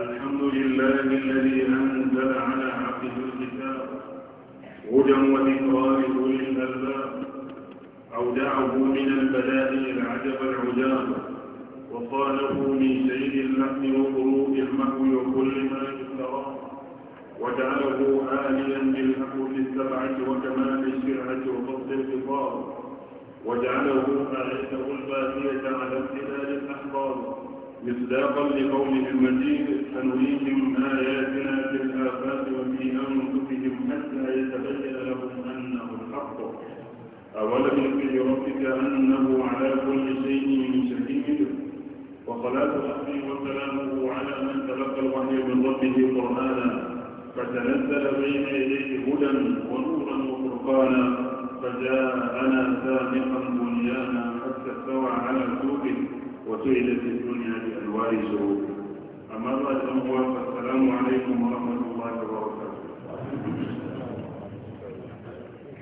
الحمد لله الذي أنزل على عبده الكتاب هدى وذكرى لأولي الألباب أودعه من البدائل العجب العجاب وصاله من سيد اللحم وضروب المحو وكل ما يفترى وجعله آليا بالأكل السبعة وكمال الشرعة وفصل الخطاب وجعله آلته الباقية على امتثال الأحبار مصداقا لقوله المجيد سنريهم آياتنا في الآفاق وفي أنفسهم حتى يتبين لهم أنه الحق أولم يكن ربك أنه على كل شيء شهيد وصلاة ربي وسلامه على من تلقى الوحي من ربه قرآنا فتنزل بين يديه هدى ونورا وفرقانا فجاءنا سابقا بنيانا حتى استوى على سوقه وسئل في الدنيا بأنواع الشرور أما بعد أموال فالسلام عليكم ورحمة الله وبركاته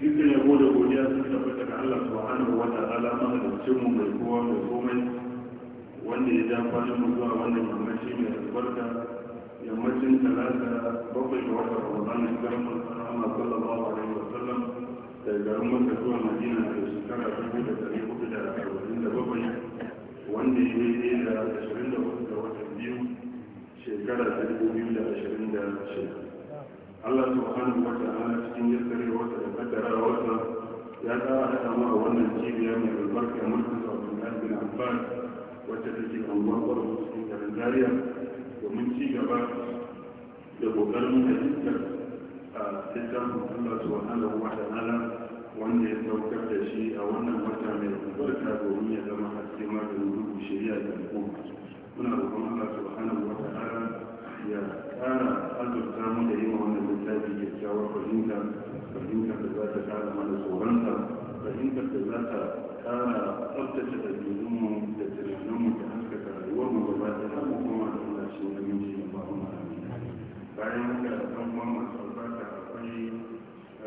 Dukkan yabo da godiya sun tabbata ga Allah subhanahu wa ta'ala mahalicin mu mai kowa mai komai wanda ya ja kwanan mu zuwa wannan yammaci mai albarka yammacin talata bakwai ga wata Ramadan da garman sallama sallallahu alaihi wa sallam daga garin Makka zuwa Madina da shekara dubu da ɗari hudu da arba'in da bakwai wanda ya yi da ashirin da wata watan biyu shekara ta dubu biyu da ashirin da shida allah hannu wata ta'ala cikin yassare wata da kaddara wata ya tsara haɗa mu a wannan cibiya mai albarka mulkin abdullahi bin abbas wacce take anguwar kwarwa cikin garin zariya domin ci gaba da kokarin da iskar a littafin allah subhanahu wata ta'ala wanda ya saukar da shi a wannan wata mai albarka domin ya zama haske maganin rubu shari'a da al'umma muna roƙon Allah subhanahu wa ta'ala ya ƙara azurta mu da yin wannan littafi kyakkyawar fahimta fahimtar da za ta ƙara mana tsoronsa fahimtar da za ta ƙara tsabtace ɗabi'unmu da tunaninmu da haskaka rayuwarmu gaba da samu kuma da Allah shi aminci da ba'u ma'amina bayan haka ɗan uwan albarka akwai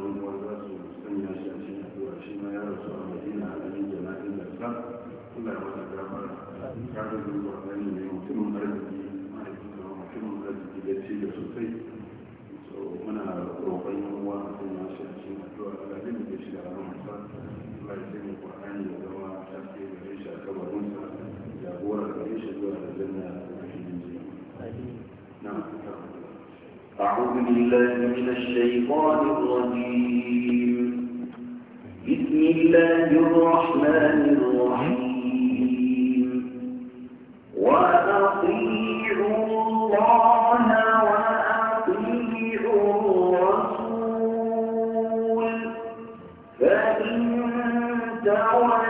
yan uwa za su sanya shi a cikin addu'a shi ma ya rasu a madina a ɗanin jana'in da sa Allah ya masa gafara kafin zuwa ɗani ne mutumin arziki أعوذ بالله من الشيطان الرجيم بسم الله الرحمن الرحيم وأطيعوا الله وأطيعوا الرسول فإن تولوا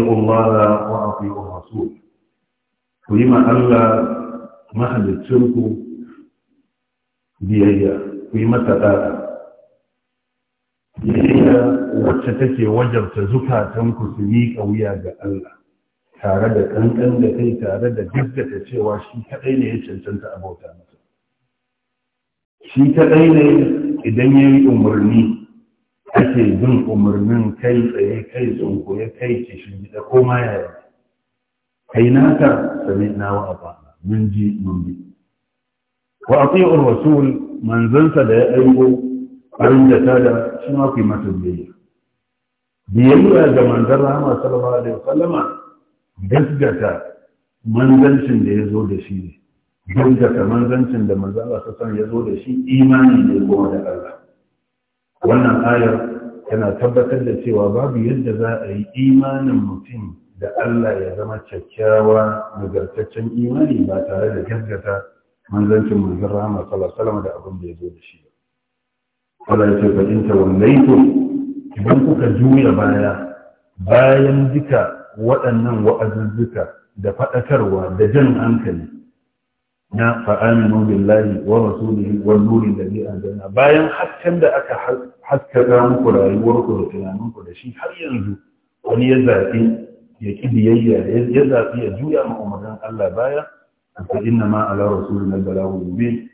وأطيعوا الله وأطيعوا الرسول كيما ألا مهل الشرك بيئة كيما تتاتا biyayya wacce take wajarta zukatanku su miƙa wuya ga Allah tare da ƙanƙan da kai tare da gaggata cewa shi kaɗai ne ya cancanta abota masa shi kaɗai ne idan ya yi umarni ake bin umarnin kai tsaye kai zunko ya kai shi gida ko ma yaya kai naka sami na wa aba mun ji mun bi wa ati'ur rasul manzansa da ya aiko an da tada shi ma ku masa biyayya biyayya ga manzan rahama sallallahu alaihi wasallama gasgata manzancin da ya zo da shi ne gaggata manzancin da manzala sassan ya zo da shi imani ne kuma da Allah. Wannan ayar Yana tabbatar da cewa babu yadda za a yi imanin mutum da Allah ya zama kyakkyawa nagartaccen imani ba tare da gaskata manzancin manzon rahama sallallahu da abin da ya zo da shi Allah ya ce fa in tawallaytu idan kuka juya baya bayan duka waɗannan wa'azuzzuka da faɗakarwa da jan hankali na fa'aminu billahi wa rasulihi wa nuri da bi aljanna bayan hasken da aka haskaka muku rayuwarku da tunaninku da shi har yanzu wani ya zafi ya ƙi biyayya ya zafi ya juya ma umarnin Allah baya fa inna ma ala na balagu mubin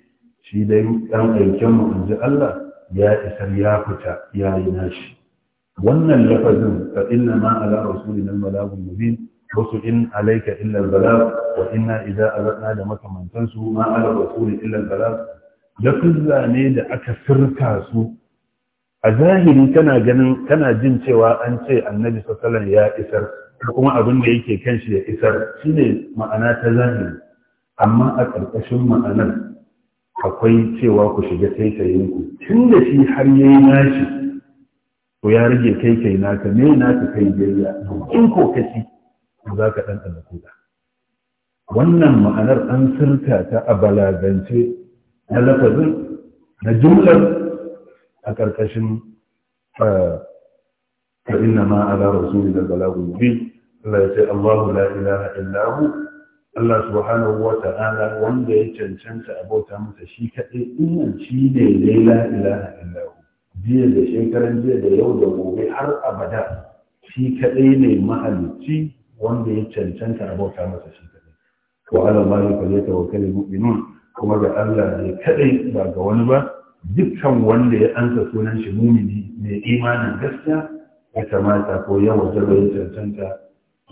shi dai ɗan aikin mu ji Allah ya isar ya fita ya yi nashi wannan lafazin fa inna ma ala na balagu mubin wasu in alaika illar bala wa inna idza azadna da makamantansu ma ala rasul illa bala lafuzza ne da aka sirka su a zahiri kana ganin kana jin cewa an ce annabi sallallahu ya isar kuma abin da yake kan shi ya isar shine ma'ana ta zahiri amma a ƙarƙashin ma'anar akwai cewa ku shiga taitayinku tun da shi har yayi nashi to ya rage kai kai naka me naka kai biyayya in ko kaci za ka ɗanɗana kuɗa wannan ma'anar an sirta ta a balagance na lafazin na jumlar a ƙarƙashin fa inna ma ala rasulina balagun mubin Allah ya ce Allahu la ilaha illa Allah subhanahu wa ta'ala wanda ya cancanta abota masa shi kaɗai ɗinnan shi ne ne la ilaha jiya da shekaran jiya da yau da gobe har abada shi kaɗai ne mahalicci wanda ya cancanta a bauta masa shi kadai wa ala ta wakali Muminun kuma ga Allah ne kadai ba ga wani ba dukkan wanda ya ansa sunan shi mumini mai imanin gaskiya ya kamata ko ya da ya cancanta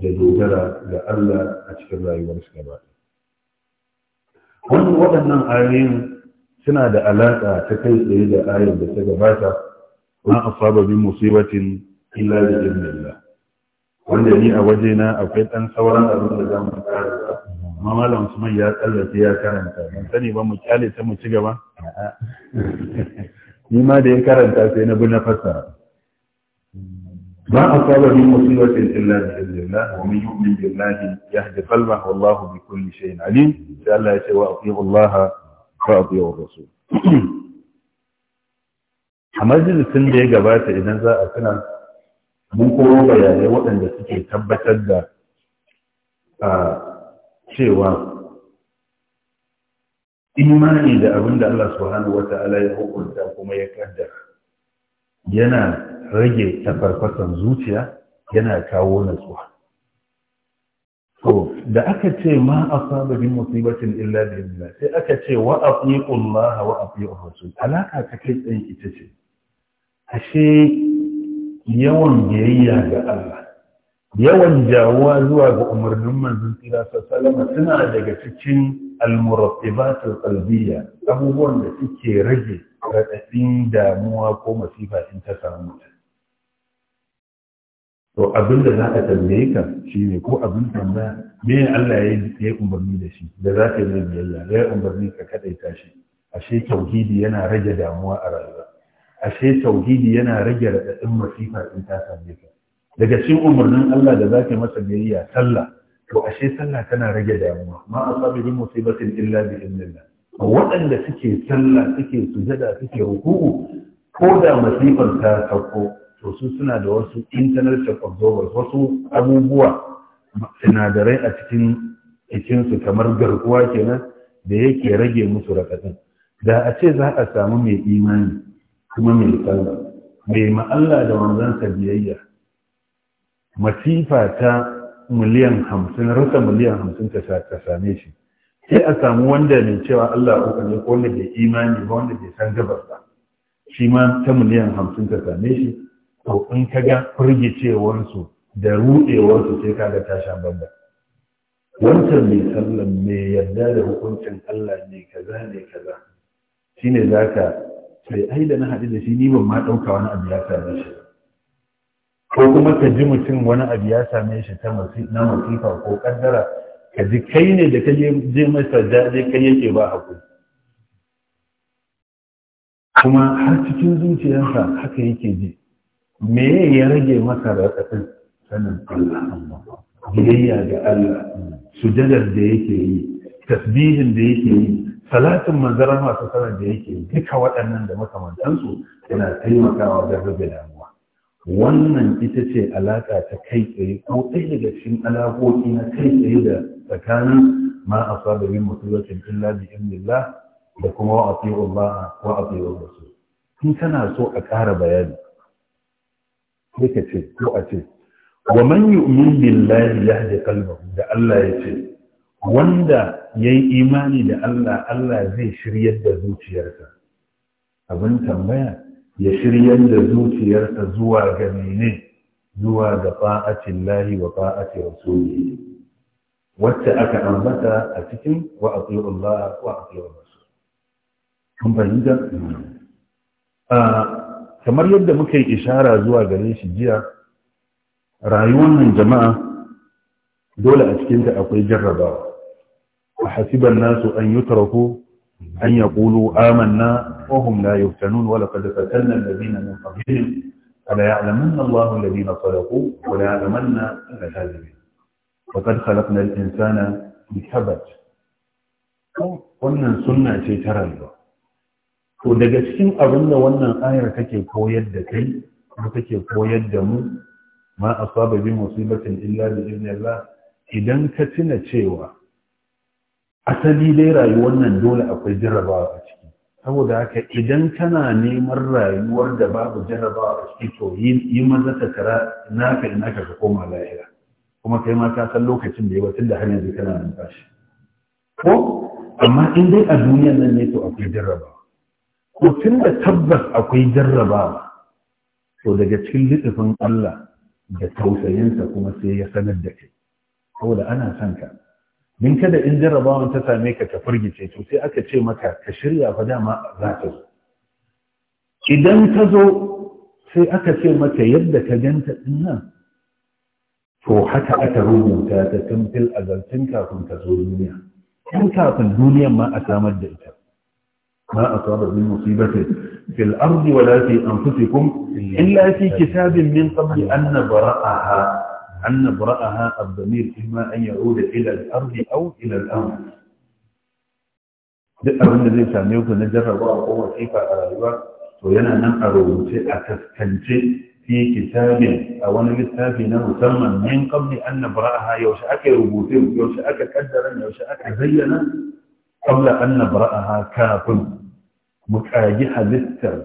da dogara ga Allah a cikin rayuwarsa gaba wannan waɗannan ayoyin suna da alaƙa ta kai tsaye da ayar da ta gabata ma asaba min musibatin illa bi idnillah wanda ni a waje na akwai ɗan sauran abin da za mu amma malam Usman ya tsallace ya karanta ban sani ba mu kyale ta mu ci gaba ni ma da ya karanta sai na bi na fassara ما أصاب من مصيبة إلا بإذن الله ومن يؤمن بالله يهدي قلبه والله بكل شيء عليم سأل الله يسوى أطيعوا الله وأطيعوا الرسول a majalisun da ya gabata idan za a tuna mun koro bayanai waɗanda suke tabbatar da cewa imani da abin da Allah subhanahu wa ta'ala ya hukunta kuma ya kaddara yana rage tafarfasan zuciya yana kawo natsuwa to da aka ce ma asaba bi musibatin illa billah sai aka ce wa aqiqu Allah wa aqiqu Rasul alaka ta kai ɗan ita ce ashe yawan biyayya ga Allah yawan jawuwa zuwa ga umarnin manzon tsira salama suna daga cikin almurattibatul qalbiyya abubuwan da suke rage radadin damuwa ko masifa in ta samu mutum to abin da za ka tambaye ka shine ko abin tambaya me Allah ya yi umarni da shi da za ka yi biyayya ya umarni ka kadaita shi ashe tauhidi yana rage damuwa a rayuwa ashe tauhidi yana rage raɗaɗin masifa in ta same ka daga cikin umarnin Allah da zaka masa biyayya sallah to ashe sallah tana rage damuwa ma asabi bi musibatin illa bi idnillah waɗanda suke sallah suke sujada suke ruku'u ko da masifar ta sauko to su suna da wasu internal shock absorbers wasu abubuwa sinadarai a cikin su kamar garkuwa kenan da yake rage musu raɗaɗin da a ce za a samu mai imani kuma mai sallah mai ma'alla da wanzansa biyayya masifa ta miliyan hamsin rasa miliyan hamsin ta same shi sai a samu wanda mai cewa Allah uku ne ko wanda bai imani ba wanda bai san gabas ba shi ma ta miliyan hamsin ta same shi to in ka ga firgicewarsu da ruɗewarsu sai ka ga tasha babba wancan mai sallan mai yarda da hukuncin Allah ne kaza ne kaza shine zaka sai ai da na haɗu da shi ni ban ma ɗauka wani abu ya same shi ko kuma ka ji mutum wani abu ya same shi ta na masifa ko ƙaddara ka ji kai ne da ka je masa daɗe kai yake ba haƙuri kuma har cikin zuciyarsa haka yake ji me ya rage masa raɗaɗin sanin Allah biyayya ga Allah sujadar da yake yi tasbihin da yake yi salatin manzaran masu sanar da yake duka waɗannan da makamantansu yana taimakawa wajen rage damuwa wannan ita ce alaƙa ta kai tsaye ko ɗaya daga cikin alaƙoƙi na kai tsaye da tsakanin ma a sa da bin musulacin illa bi da kuma wa atiyu Allah wa atiyu Rasul in kana so a ƙara bayani sai ka ce ko a ce wa man yu'min billahi yahdi qalbahu da Allah ya ce wanda ya yi imani da Allah Allah zai shiryar da zuciyarsa abin tambaya ya shiryar da zuciyarsa zuwa ga mene zuwa ga fa'acin lahi wa fa'acin rasuli wacce aka ambata a cikin wa a Allah wa a rasul kun fahimta kamar yadda muka yi ishara zuwa gare shi jiya rayuwar nan jama'a dole a cikinta akwai jarrabawa وحسب الناس أن يتركوا أن يقولوا آمنا وهم لا يفتنون ولقد فتنا الذين من قبلهم فلا يعلمن الله الذين صدقوا ولا يعلمن الكاذبين وقد خلقنا الإنسان بحبت wannan sunna ce ta rayuwa to daga cikin abin da wannan ayar take koyar da kai kuma take koyar da mu ma asaba bi musibatin illa bi idan ka tuna cewa asali dai rayuwar nan dole akwai jarrabawa a ciki saboda haka idan kana neman rayuwar da babu jarrabawa a ciki to yi maza ta kara naka ina ka koma lahira kuma kai ma ka san lokacin da ya batun da har yanzu kana numfashi ko amma in dai a duniyar nan ne to akwai jarrabawa ko tun da tabbas akwai jarrabawa to daga cikin littafin Allah da tausayinsa kuma sai ya sanar da kai saboda ana son ka din kada in jarrabawan ta same ka ta firgice to sai aka ce maka ka shirya fa dama za ta zo idan ta zo sai aka ce maka yadda ka ganta din nan to haka aka rubuta ta tun fil kafin ta zo duniya tun kafin duniyan ma a samar da ita ما أصاب من مصيبة في الأرض ولا في أنفسكم إلا في kitabin min قبل أن نبرأها أن برأها الضمير إما أن يعود إلى الأرض أو إلى الأرض. ذكر من الذي سأميوك نجر الله هو كيف أرأيوا وينا شيء أروت أتسكنت في كتاب أو نكتاب نمسمى من قبل أن برأها يوش أكا يوبوت يوش أكا كدرا يوش أكا زينا قبل أن نبرأها كافن متاجحة لستر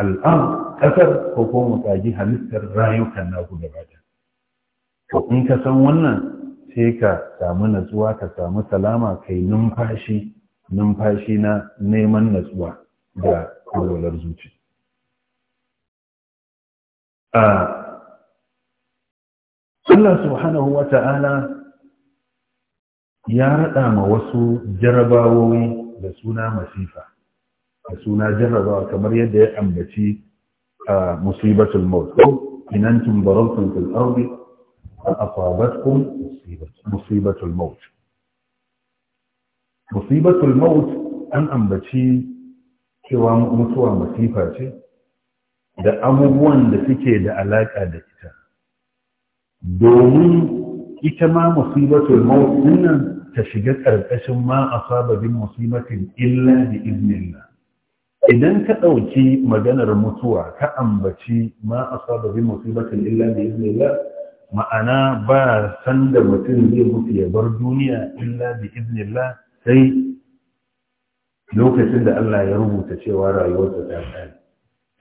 الأرض أثر هو متاجحة لستر رايو كان ناوه to in ka san wannan sai ka samu natsuwa ka samu salama kai numfashi numfashi na neman natsuwa da walwalar zuci a Allah subhanahu wa ta'ala ya raɗa ma wasu jarabawoyi da suna masifa da suna jarabawa kamar yadda ya ambaci a musibatul maut ko inantum fil ardi فأصابتكم مصيبة مصيبة الموت مصيبة الموت أن أنبتي cewa mutuwa masifa ce da abubuwan da suke da alaƙa da ita domin ita ma musibatul maut dinnan ta shiga ƙarƙashin ma asaba bin musibatin illa bi iznillah idan ka ɗauki maganar mutuwa ka ambaci ma asaba bin musibatin illa bi iznillah ma'ana ba san da mutum zai mutu ya bar duniya illa bi iznillah sai lokacin da Allah ya rubuta cewa rayuwarsa ta tsare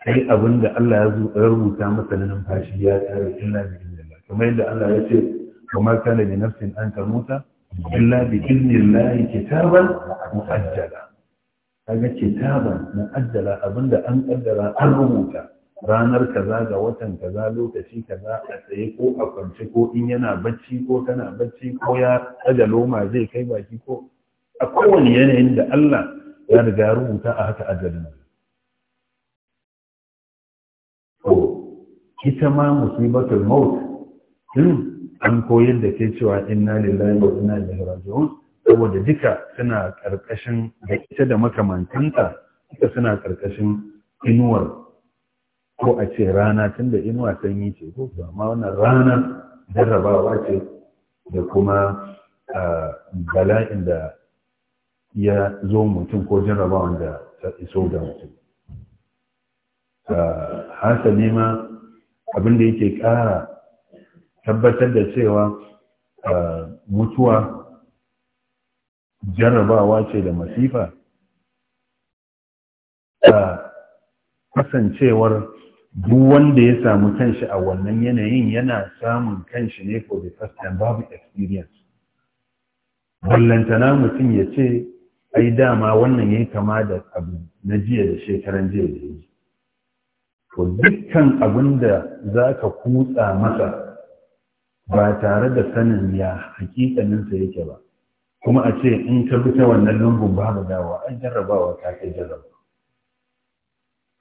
sai abin da Allah ya rubuta masa na numfashi ya tsare illa bi iznillah kamar yadda Allah ya ce kuma kana bi nafsin an tamuta illa bi iznillah kitaban mu'ajjala kaga kitaban mu'ajjala abinda an kaddara an rubuta ranar kaza ga watan kaza lokaci kaza a tsaye ko a kwance ko in yana bacci ko tana bacci ko ya tsaga loma zai kai baki ko a kowane yanayin da Allah ya riga rubuta a haka ajalin to ita ma musibatul maut din an koyar da ke cewa inna lillahi wa inna ilaihi raji'un saboda duka suna karkashin da ita da makamantanta duka suna karkashin inuwar ko a ce rana tunda da inuwa sanyi ce ko amma wannan rana jarrabawa ce da kuma bala'in da ya zo mutum ko jarrabawa da ta iso da mutum hasali ma abin da yake ƙara tabbatar da cewa mutuwa jarrabawa ce da masifa kasancewar duk wanda ya samu kanshi a wannan yanayin yana samun kanshi ne for the first time babu experience ballantana mutum ya ce ai dama wannan ya yi kama da abu na jiya da shekaran jiya da yi to dukkan abin da za ka kutsa masa ba tare da sanin ya hakikaninsa yake ba kuma a ce in ka bi ta wannan lungun babu dawa an jarrabawa ta kai jarrabawa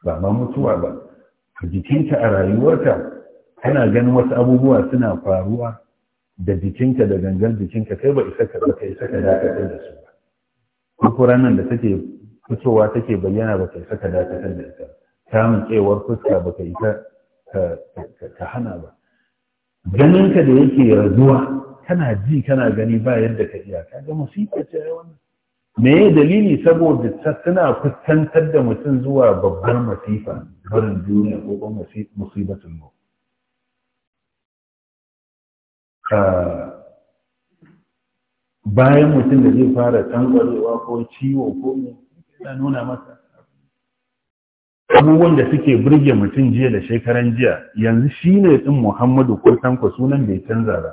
ba ma mutuwa ba a jikinka a rayuwarta, kana ganin wasu abubuwa suna faruwa da jikinka da gangan jikinka kai ba isa ka isa ka dakatar da su ba duk ranar da take fitowa take bayyana ba baka isa ka dakatar da ita samun tsewar fuska ba ka isa ka hana ba ganinka da yake razuwa kana ji kana gani ba yadda ka iya Ka ga musibar ce wannan me ya dalili saboda suna kusantar da mutum zuwa babbar masifa barin duniya ko kuma musibatun mu bayan mutum da zai fara tankwarewa ko ciwo ko me yana nuna masa abubuwan da suke burge mutum jiya da shekaran jiya yanzu shine ɗin Muhammadu ko tanko sunan bai canza ba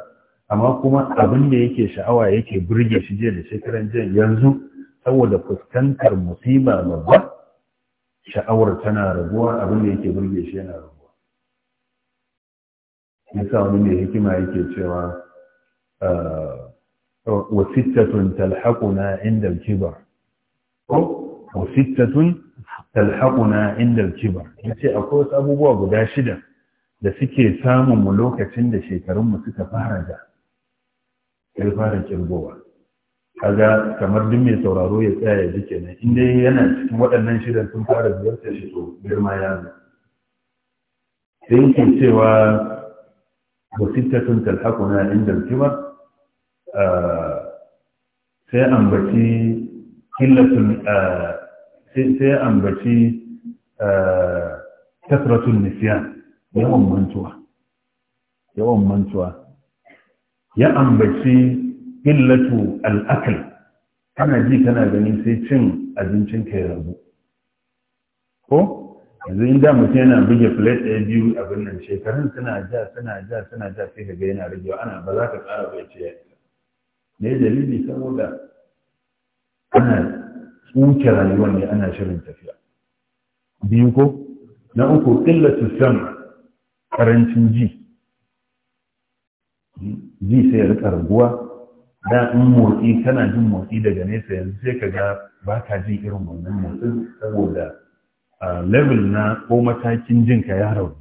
amma kuma abin da yake sha'awa yake burge shi jiya da shekaran jiya yanzu saboda fuskantar musiba babba sha'awar tana raguwa abin da yake burge shi yana raguwa yasa wani mai hikima yake cewa ah, wasittatun talhaquna inda al-kibar wasittatun talhaquna inda yace akwai wasu abubuwa guda shida da suke samun mu lokacin da shekarunmu suka fara da ya fara kirgowa kaga kamar duk mai sauraro ya tsaya ya ji kenan in dai yana cikin waɗannan shirin sun fara ziyartar shi to girma ya zo sai yake cewa sun talhaku inda al-kibar ah, sai ambaci killatun ah, sai ambaci ah, kasratun nisyan yawan mantuwa yawan mantuwa ya ambaci illatu al'akal kana ji kana gani sai cin abincin ka ya rabu ko yanzu in da mutum yana buge plate ɗaya biyu a birnin. shekarun suna ja suna ja suna ja sai ka ga yana ragewa ana ba za ka tsara bai ce ne dalili saboda ana tsuke rayuwar ne ana shirin tafiya biyu ko na uku illatu sam karancin ji ji sai ya rika raguwa da in motsi tana jin motsi daga nesa yanzu sai ka ga ba ka jin irin wannan motsi saboda level na ko matakin jin ka ya rauni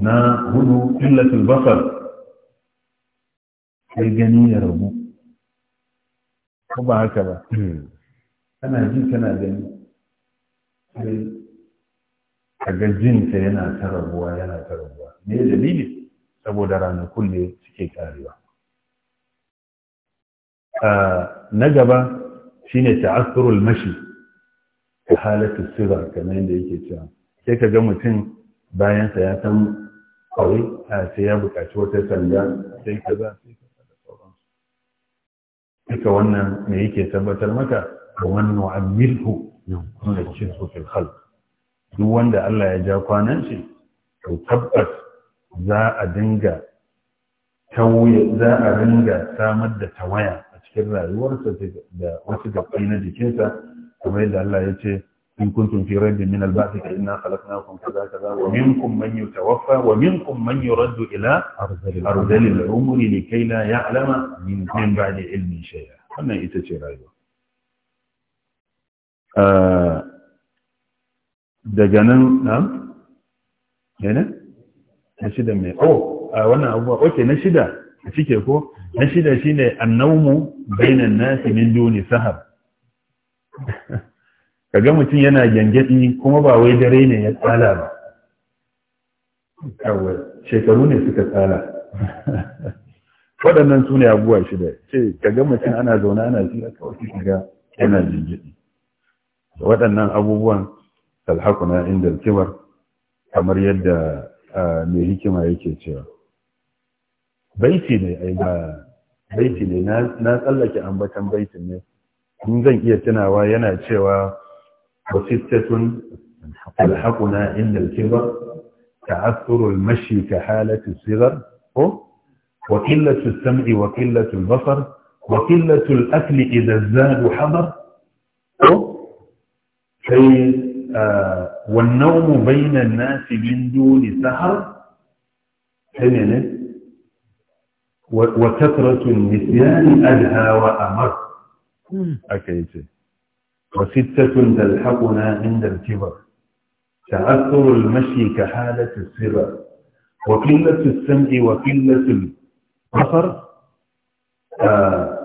na hudu illatul basar sai gani ya rabu ko ba haka ba hmm. kana ji kana gani sai kaga jin ka yana ta rabuwa yana ta rabuwa me dalili saboda ranakun ne suke karewa na gaba shi shine ta'assurul mashi ta halatu sigar kamar yadda yake cewa sai ka ga mutum bayansa ya san kawai a sai ya buƙaci wata sanda sai ka za sai ka da sauransu duka wannan me yake tabbatar maka da wannan wa'amirhu na cikin sufil hal duk wanda Allah ya ja kwanan shi to tabbas za a dinga za a ringa samar da tawaya cikin rayuwarsa da wasu gaɓɓai na jikinsa kamar yadda Allah ya ce in kuntum fi rabbin min al-ba'thi fa inna khalaqnakum kaza kaza wa minkum man yutawaffa wa minkum man yuraddu ila arzali al-umri likay la ya'lama min ba'di ilmin shay'a wannan ita ce rayuwa daga nan na ne na shida mai oh wannan abuwa okay na shida cike ko na shida ne annaumu bainan nasi min duni sahar kaga mutum yana gyangyaɗi kuma ba wai dare ne ya tsala ba kawai shekaru ne suka tsala waɗannan su ne abubuwa shida ce kaga mutum ana zaune ana jira kawai shi kaga yana gyangyaɗi waɗannan abubuwan talhakuna inda kibar kamar yadda ah, mai hikima yake cewa baiti ne ai ba baiti ne na tsallake ambatan baitin ne in zan iya tunawa yana cewa wasittatun alhaquna inda al-kibar ta'athuru al-mashi ka halati sigar ko wa qillatu as-sam'i wa qillatu al-basar wa qillatu al-akli idha zadu hadar ko sai wan nawmu bayna an-nas min duni sahar sai ne وكثرة النسيان أدهى وأمر أكيد وستة تلحقنا عند الكبر تأثر المشي كحالة السبر وقلة السمع وقلة البصر آه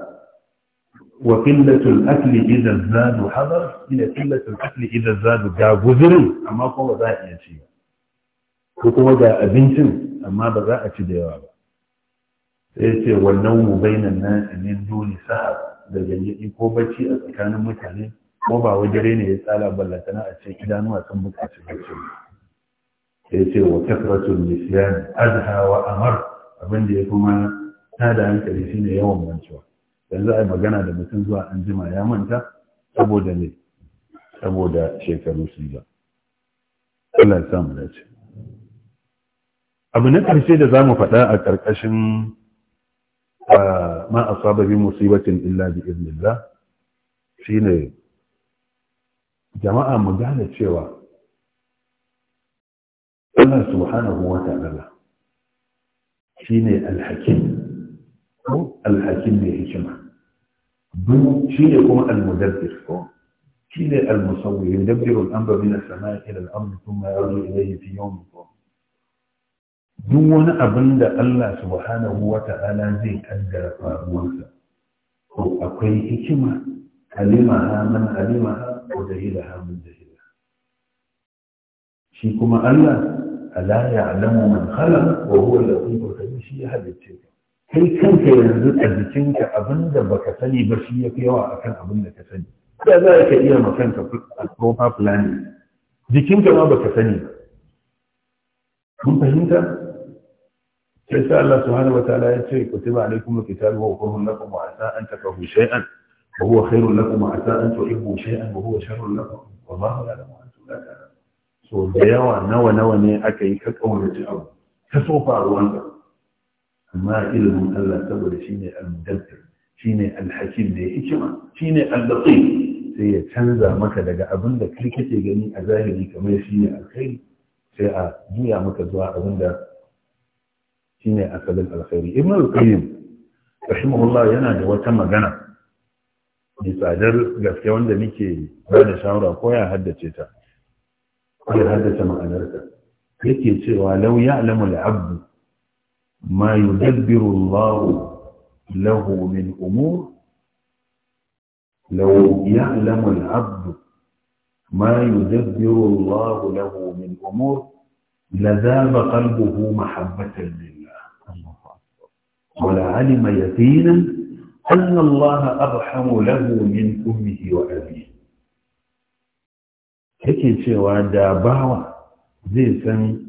وقلة الأكل إذا الزاد حضر إلى قلة الأكل إذا الزاد جاء بذر أما قوة ذا يأتي وقوة ذا أبنت أما بذا أتي sai ce wannan mu bainan na ne duni sahab da gayyaci ko bacci a tsakanin mutane ko ba wajere ne ya tsala ballatana a ce idanuwa sun buƙaci bacci sai ce wa kasratul nisyan azha wa amar abin da ya kuma da hankali shine yawan mantuwa yanzu ai magana da mutum zuwa an jima ya manta saboda ne saboda shekaru su ba Allah ya samu dace abu na ƙarshe da za mu faɗa a ƙarƙashin ma asaba bi musibatin illa bi idnillah shine jama'a mu gane cewa Allah subhanahu wa ta'ala shine alhakim ko alhakim ne hikima shine kuma almudabbir ko shine almusawwir yudabbiru al-amra min as-sama'i ila al-ardi thumma yarji ilayhi fi yawmin duk wani abin da Allah subhanahu wa ta'ala zai kaddara faruwarsa ko akwai hikima kalima ha man alima ha ko jahila ha man jahila shi kuma Allah ala ya'lamu man khalaq wa huwa al-latiful khabir shi ya halitta kai kanka yanzu a jikinka abin da baka sani ba shi ya fi yawa akan abin da ka sani da za ka iya ma a proper planning jikinka ma baka sani ba mun fahimta sai sa Allah subhanahu wataala ya ce kutiba alaikum alkitabu wa huwa lakum wa asa an takahu shay'an wa huwa khairun lakum wa asa an tuhibbu shay'an wa huwa sharrun lakum wallahu ya'lamu wa antum la ta'lamun so da yawa nawa nawa ne aka yi ka kaunaci abu ka so faruwan ka amma ilimin Allah saboda shine al-mudabbir shine al-hakim da hikima shine al-latif sai ya canza maka daga abin da kai kake gani a zahiri kamar shine alkhairi sai a juya maka zuwa abin da shine asalin alkhairi ibn al-qayyim rahimahullah yana da wata magana mai tsadar gaske wanda nake ba da shawara ko ya haddace ta ko ya haddace ma'anarta yake cewa law ya'lamu al-abd ma yudabbiru Allah lahu min umur law ya'lamu al-abd ما يدبر الله له من أمور لذاب قلبه محبة لله wala alima yaqinan أن الله أرحم له من أمه وأبيه yake cewa da bawa zai san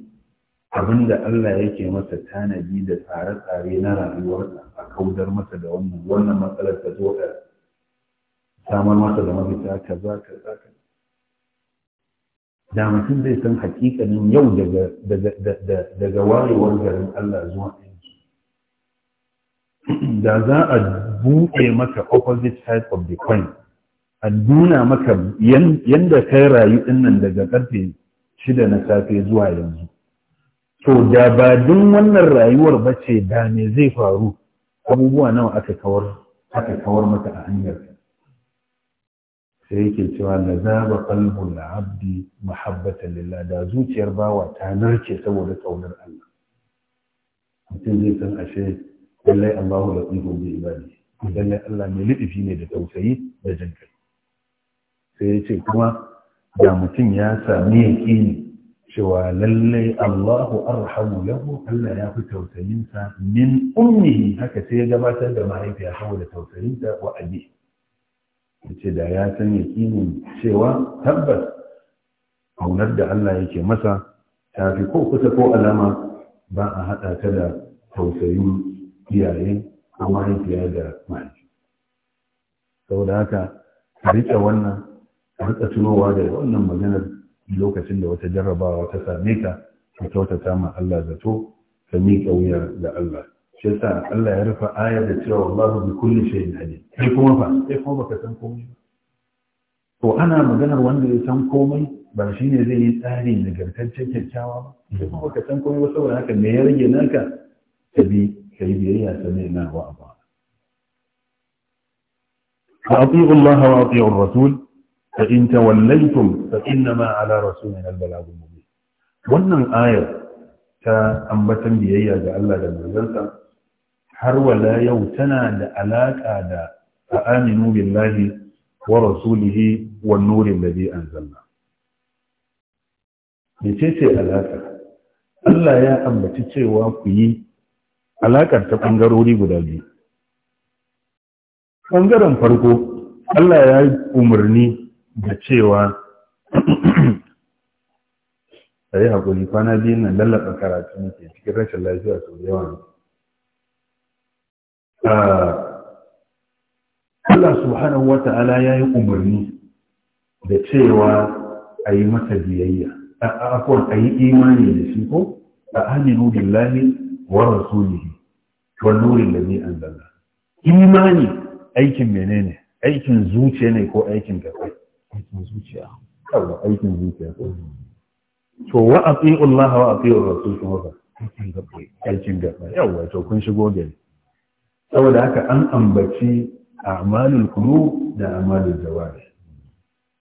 abin da Allah yake masa tanadi da tsare-tsare na rayuwarsa a kaudar masa da wannan wannan matsalar ta zo da samar masa da mafita kaza kaza da mutum zai san hakikanin yau daga wayewar garin Allah zuwa da za a buɗe maka opposite side of the coin a nuna maka yadda kai rayu nan daga ƙarfe shida na safe zuwa yanzu to da ba din wannan rayuwar ba ce da me zai faru abubuwa nawa aka kawar aka kawar maka a hanyar sai yake cewa da zaba qalbul abdi mahabbatan lillah da zuciyar bawa ta narke saboda kaunar Allah mutum zai san ashe lallai Allahu latifun bi ibadi lallai Allah mai litifi ne da tausayi da jin kai sai ya ce kuma da mutum ya sami yaqini cewa lallai Allahu arhamu lahu Allah ya fi tausayinsa min ummihi haka sai ya gabatar da mahaifiya saboda tausayinta wa abi yace da ya san yaqinin cewa tabbas kaunar da Allah yake masa ta fi ko kusa ko alama ba a haɗa ta da tausayin iyaye ko fiye da mahaifi saboda haka ka riƙe wannan a riƙa tunowa da wannan maganar lokacin da wata jarrabawa ta same ka ka kyautata ma Allah zato ka miƙa wuya ga Allah shi yasa Allah ya rufe ayar da cewa wallahu bi kulli shay'in alim kai kuma fa kai kuma baka san komai ba to ana maganar wanda ya san komai ba shi ne zai yi tsari nagartaccen kyakkyawa ba kuma baka san komai ba saboda haka me ya rage naka ka bi كيديها سمعنا وأطعنا فأطيعوا الله وأطيعوا الرسول فإن توليتم فإنما على رسولنا البلاغ المبين وأن الآية كأنبة بيئية جعل الله جنزلتا حروا لا يوتنا لألاك آداء فآمنوا بالله ورسوله والنور الذي أنزلنا لتيسي ألاك الله يا أبا تيسي وأقيه alaƙar ta ɓangarori guda biyu ɓangaren farko Allah ya yi umarni da cewa a yi haƙuri kwana biyu na lallaɓa karatu ke cikin rashin lafiya sau yawa ah, Allah subhanahu wa ta'ala ya yi umarni da cewa a yi masa biyayya a akwai a yi imani da shi ko a aminu billahi wa rasulihi wa nurin da ni an zalla imani aikin menene aikin zuciya ne ko aikin gaba aikin zuciya yawa aikin zuciya to wa Allah wa ati'u kuma ba aikin gaba aikin gaba kun shigo gari saboda haka an ambaci a'malul qulub da a'malul jawari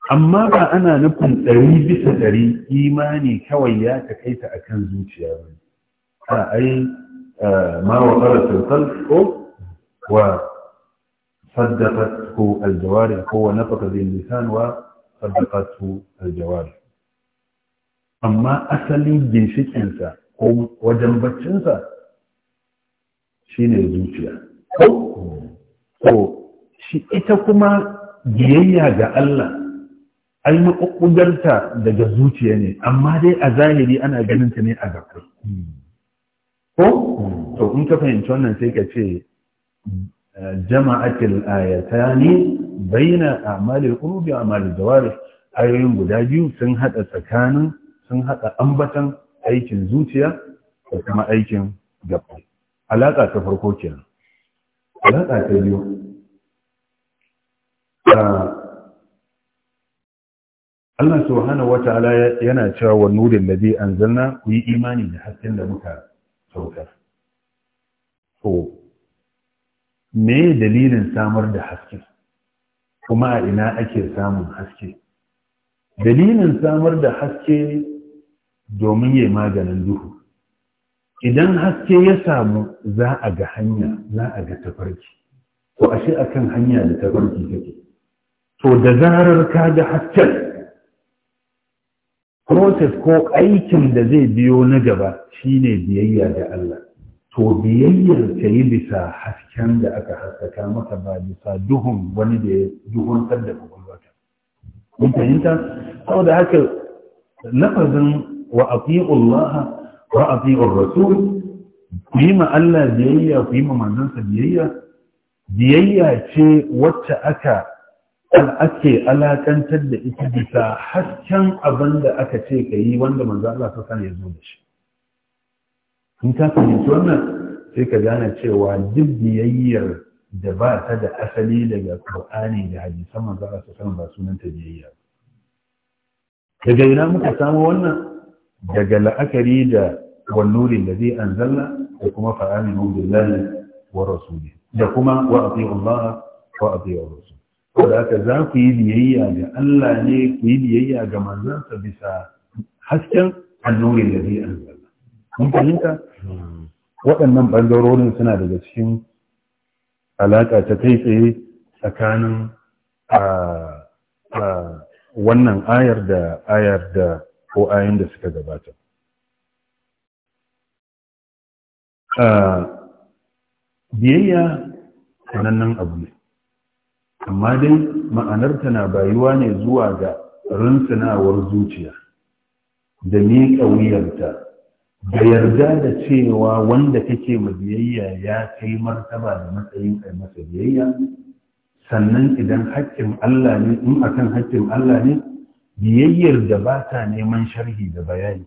amma ba ana nufin ɗari bisa ɗari imani kawai ya takaita akan zuciya ba ai ma wa qalatul qalb ko wa صدقته الجوارح هو نطق باللسان وصدقته aljawari. amma asalin ginshikinsa ko wajen baccinsa shi ne zuciya ko shi ita kuma biyayya ga Allah ai maƙuƙugarta daga zuciya ne amma dai a zahiri ana ganin ta ne a gaba ko hmm. to in ka fahimci wannan sai ka ce eh, jama'atul ayatani baina a'malil qulubi wa a'malil jawari ayoyin guda biyu sun hada tsakanin sun hada ambatan aikin zuciya da kuma aikin gaba alaka ta farko kenan alaka ta biyu ah, Allah subhanahu wa ta'ala yana cewa wa nurin da zai anzalna ku yi imani da hasken da muka saukar so me dalilin samar da haske kuma a ina ake samun haske dalilin samar da haske domin ya maganin duhu idan haske ya samu za a ga hanya za a ga tafarki ko ashe akan hanya da tafarki take to da zarar ka ga hasken process ko aikin da zai biyo na gaba shine biyayya da Allah to biyayyar ta yi bisa hasken da aka haskaka maka ba bisa duhun wani da ya duhuntar da kwakwalwata kun fahimta saboda haka lafazin wa Allah? wa aqi'ur rasul ku yi ma Allah biyayya ku yi ma manzansa biyayya biyayya ce wacce aka ake alakantar da ita bisa hasken abin da aka ce ka yi wanda manzo Allah ta sani ya zo da shi in ka fahimci wannan sai ka gane cewa duk biyayyar da ba ta da asali daga Qur'ani da hadisan manzo Allah ta sani ba sunan ta biyayya daga ina muka samu wannan daga la'akari da wannuri da zai anzalla da kuma fa'aminu billahi wa rasuli da kuma wa Allah wa ati'ur rasul da haka za ku yi biyayya ga Allah ne ku yi biyayya ga manzansa bisa hasken annurin da zai zama. mun fahimta waɗannan ɓangarorin suna daga cikin alaƙa ta kai tsaye tsakanin wannan ayar da ayar da ko ayin da suka gabata biyayya sanannen abu ne amma dai ma'anarta na bayuwa ne zuwa ga rinsunawar zuciya da miƙa wuyarta da yarda da cewa wanda kake biyayya ya kai martaba da matsayin kai masa biyayya sannan idan haƙƙin Allah ne in akan haƙƙin Allah ne biyayyar da ba ta neman sharhi da bayani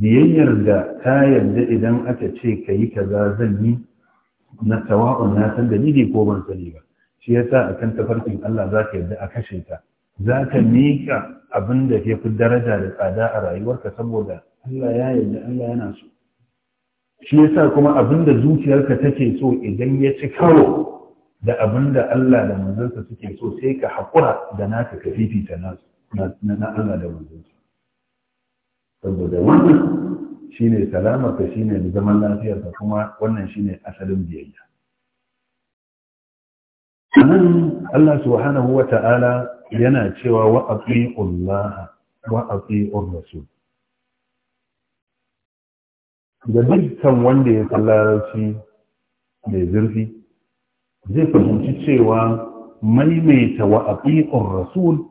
biyayyar da ta yarda idan aka ce ka yi kaza zan yi na tawa'un na san dalili ko ban sani ba shi ya sa a kan tafarkin Allah za ka yadda a kashe ta, za ka miƙa abin da ya fi daraja da tsada a rayuwarka saboda Allah ya yadda Allah yana so shi ya sa kuma abin da zuciyarka take so idan ya ci karo da abin da Allah da manzansa suke so sai ka haƙura da naka ka fifita na Allah da manzansa saboda wannan shine salamarka shine zaman lafiyarka kuma wannan shine asalin biyayya anan Allah subhanahu wa ta'ala yana cewa wa Allah wa rasul da dukkan wanda ya kallarci mai zurfi zai fahimci cewa maimaita wa ati'ur rasul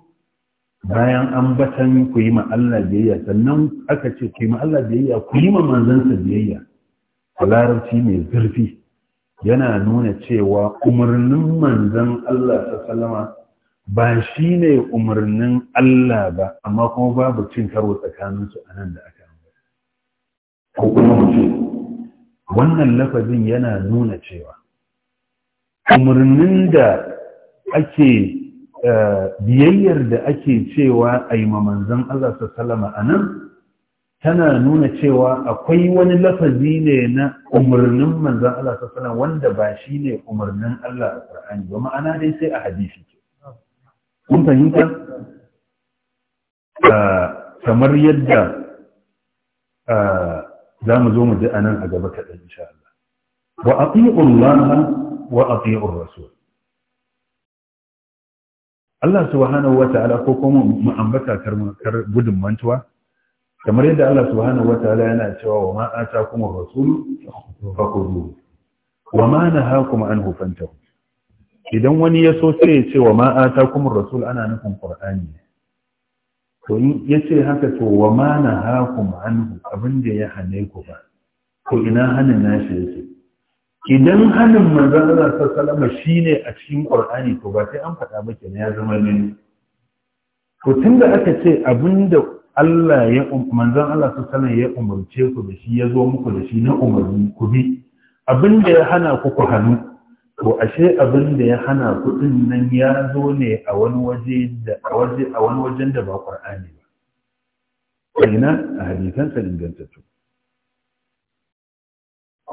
bayan an batan ku yi Allah biyayya sannan aka ce ku yi Allah biyayya ku yi ma manzansa biyayya a larabci mai zurfi yana nuna cewa umarnin manzan Allah ta salama, ba shi ne umarnin Allah ba amma kuma babu cin karo tsakaninsu a nan da aka yi ko kuma ce? wannan lafazin yana nuna cewa umarnin da ake eh, biyayyar da ake cewa a yi manzan Allah ta a nan tana nuna cewa akwai wani lafazi ne na umarnin manzan Allah sassanan wanda ba shi ne umarnin Allah a ba ma'ana dai sai a hadisi ke. Kun fahimta? Ah, kamar yadda ah, za mu zo mu ji nan a gaba kaɗan insha Allah. Wa ati'ur Allah wa ati'ur Rasul. Allah subhanahu wa ta'ala ko kuma mu ambata kar gudun mantuwa kamar yadda Allah subhanahu wa ta'ala yana cewa wa ma atakum ar-rasul kudu wa ma naha kuma anhu fantahu idan wani ya so sai ya ce wa ma ata kuma rasul ana nufin qur'ani to in ya ce haka to wa ma naha kuma anhu abin da ya hane ku ba ko ina hanin nashi yake idan hanin manzo Allah sallallahu alaihi shine a cikin qur'ani to ba sai an faɗa ba kenan ya zama ne to tunda aka ce abinda Allah ya um, manzan Allah sana ya umarce ku da shi ya zo muku da shi na umarni ku bi abin da ya hana ku ku hannu Ko ashe abin da ya hana ku din nan ya zo ne a wani waje da a waje a wani wajen da ba Qur'ani ba ina a hadisan sa ingantattu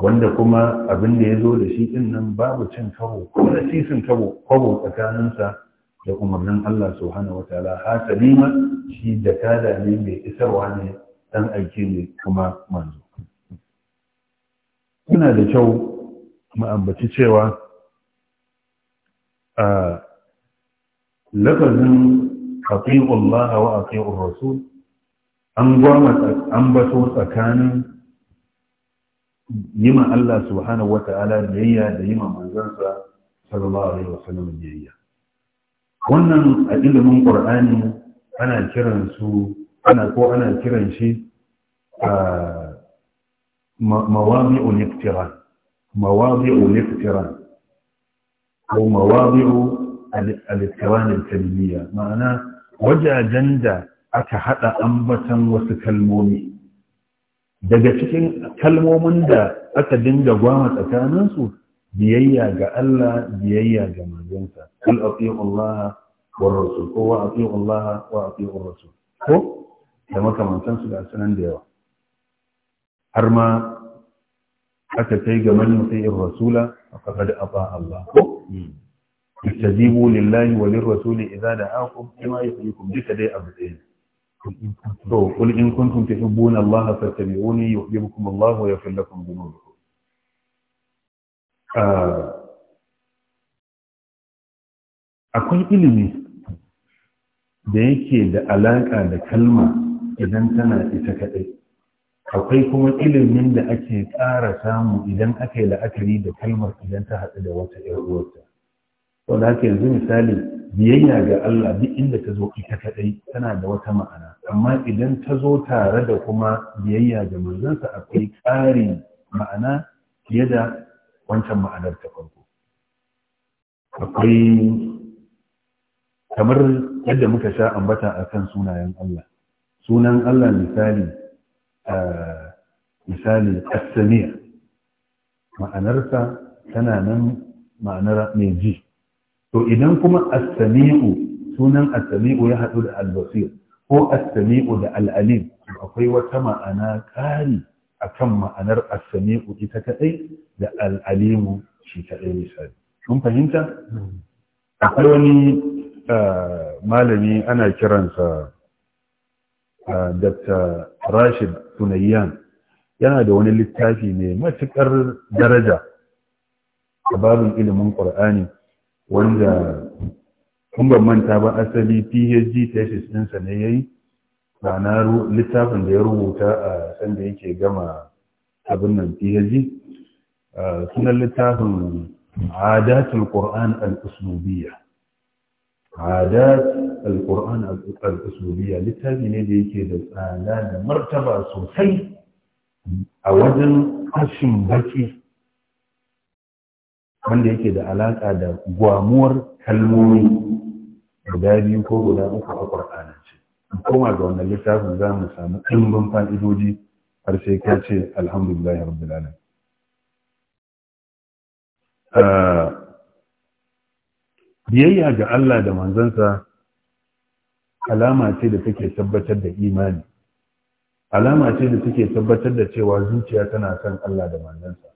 wanda kuma abin da ya zo da shi din nan babu cin kabo ko da sisin kabo kwabo tsakaninsa da umarnin Allah subhanahu wa ta'ala salima shi da kada ne mai isarwa ne dan aiki ne kuma manzo Kuna da kyau mu ambaci cewa a lafazin Allah wa aqiqur rasul an gwama an bato tsakanin yima Allah subhanahu wa ta'ala biyayya da yima manzansa sallallahu alaihi sallam biyayya wannan a ilimin ƙur'ani ana kiran su ko ana kiran shi a mawazi uliftiran mawazi ko mawabi uliftiran al ma'ana wajajen da aka hada ambatan wasu kalmomi daga cikin kalmomin da aka dinga gwama tsakaninsu biyayya ga Allah biyayya ga manzansa kul ati'u Allah war rasul ko wa ati'u Allah wa ati'u rasul ko da makamantan su da sunan da yawa har ma aka kai ga man yuti'ir rasula faqad ata Allah ko istajibu lillahi wa lirrasuli idza da'akum lima yuhyikum duka dai abu ɗaya to kul in kuntum tuhibbuna Allah fattabi'uni yuhibbukum Allah wa yaghfir lakum dhunubakum Ah, akwai ilimi da yake da alaƙa da kalma idan tana ita kaɗai akwai kuma ilimin da ake ƙara samu idan aka yi la'akari da kalmar idan ta haɗu da wata uwarta. sau da haka yanzu misali biyayya ga Allah duk inda ta zo ita kaɗai tana da wata ma'ana amma idan ta zo tare da kuma biyayya ga manzansa akwai ƙari ma'ana fiye da wancan ma'anar ta farko akwai kamar yadda muka sha ambata a kan sunayen Allah sunan Allah misali misali asaniya ma'anarsa tana nan ma'anar mai ji to idan kuma asami'u sunan asami'u ya haɗu da albasir ko asami'u da al'alim akwai wata ma'ana ƙari akan ma'anar as ita kadai da al shi kadai misali kun fahimta akwai wani malami ana kiransa Dr. Rashid Tunayyan yana da wani littafi mai matuƙar daraja a babin ilimin ƙur'ani wanda kun ban manta ba asali PhD thesis ɗinsa ne yayi ma'ana littafin da ya rubuta a sanda yake gama abin nan phd sunan littafin adatul qur'an al-uslubiyya adat al-qur'an al-uslubiyya littafi ne da yake da tsada da martaba sosai a wajen kashin baki wanda yake da alaka da gwamuwar kalmomi guda biyu ko guda uku a qur'ani koma ga wannan littafin za mu samu ɗimbin fa'idoji har sai ka ce alhamdulillah rabbil ah, biyayya ga Allah da manzansa alama ce da take tabbatar da imani alama ce da take tabbatar da cewa zuciya tana son Allah da manzansa